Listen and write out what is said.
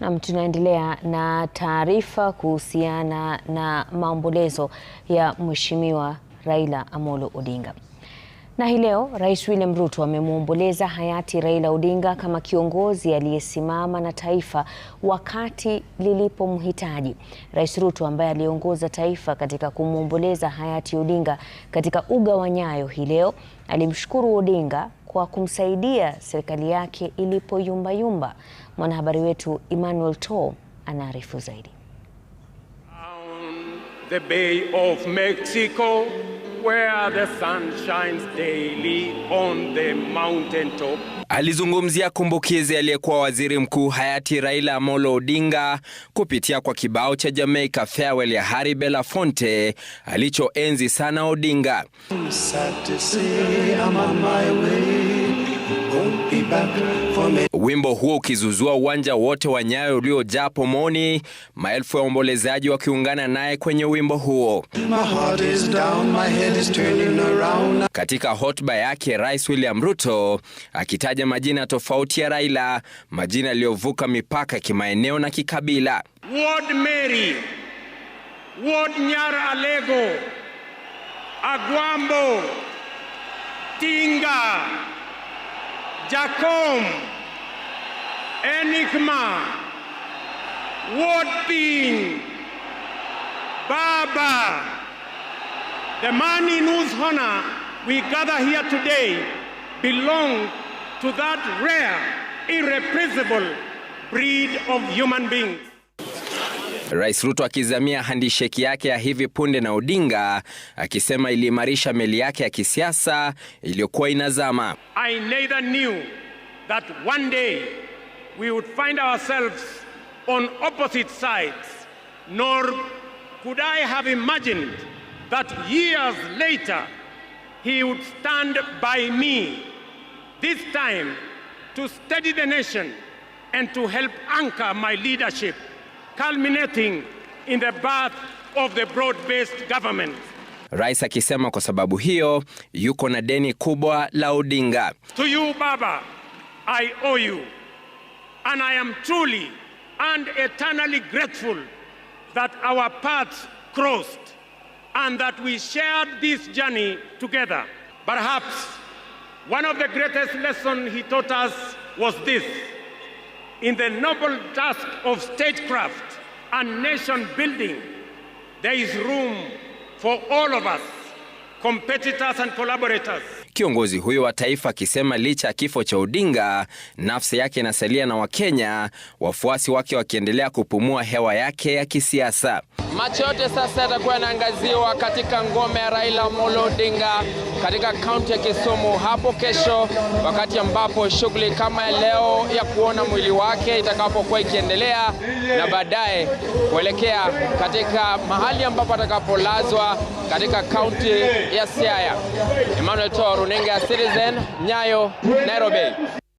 Nam, tunaendelea na, na taarifa kuhusiana na maombolezo ya Mheshimiwa Raila Amolo Odinga. Na hii leo Rais William Ruto amemwomboleza hayati Raila Odinga kama kiongozi aliyesimama na taifa wakati lilipomhitaji. Rais Ruto ambaye aliongoza taifa katika kumwomboleza hayati Odinga katika uga wa Nyayo hii leo alimshukuru Odinga kwa kumsaidia serikali yake ilipo yumba. Mwanahabari wetu Emmanuel To anaarifu zaidi. The Bay of Mexico where the sun shines daily on the mountain top. Alizungumzia kumbukizi aliyekuwa waziri mkuu hayati Raila Amolo Odinga kupitia kwa kibao cha Jamaica Farewell ya Harry Belafonte alichoenzi sana Odinga wimbo huo ukizuzua uwanja wote wa Nyayo uliojaa pomoni, maelfu ya waombolezaji wakiungana naye kwenye wimbo huo. katika hotuba yake Rais William Ruto akitaja majina tofauti ya Raila, majina yaliyovuka mipaka kimaeneo na kikabila. Ward Mary, Ward Nyara Alego, Agwambo, Tinga, jakom Enigma, Ward Being, Baba, the man in whose honor we gather here today belong to that rare, irrepressible breed of human beings. Rais Ruto akizamia handisheki yake ya hivi punde na Odinga akisema iliimarisha meli yake ya kisiasa iliyokuwa inazama. I neither knew that one day we would find ourselves on opposite sides, nor could I have imagined that years later he would stand by me, this time to steady the nation and to help anchor my leadership, culminating in the birth of the broad-based government. Rais akisema kwa sababu hiyo yuko na deni kubwa la Odinga. To you baba, I owe you. And I am truly and eternally grateful that our paths crossed and that we shared this journey together. Perhaps one of the greatest lessons he taught us was this in the noble task of statecraft and nation building, there is room for all of us, competitors and collaborators. Kiongozi huyo wa taifa akisema licha ya kifo cha Odinga, nafsi yake inasalia na Wakenya, wafuasi wake wakiendelea kupumua hewa yake ya kisiasa. Macho yote sasa yatakuwa yanaangaziwa katika ngome ya Raila Amolo Odinga katika kaunti ya Kisumu hapo kesho, wakati ambapo shughuli kama ya leo ya kuona mwili wake itakapokuwa ikiendelea na baadaye kuelekea katika mahali ambapo atakapolazwa katika kaunti ya Siaya. Emmanuel Toro, runinga ya Citizen, Nyayo, Nairobi.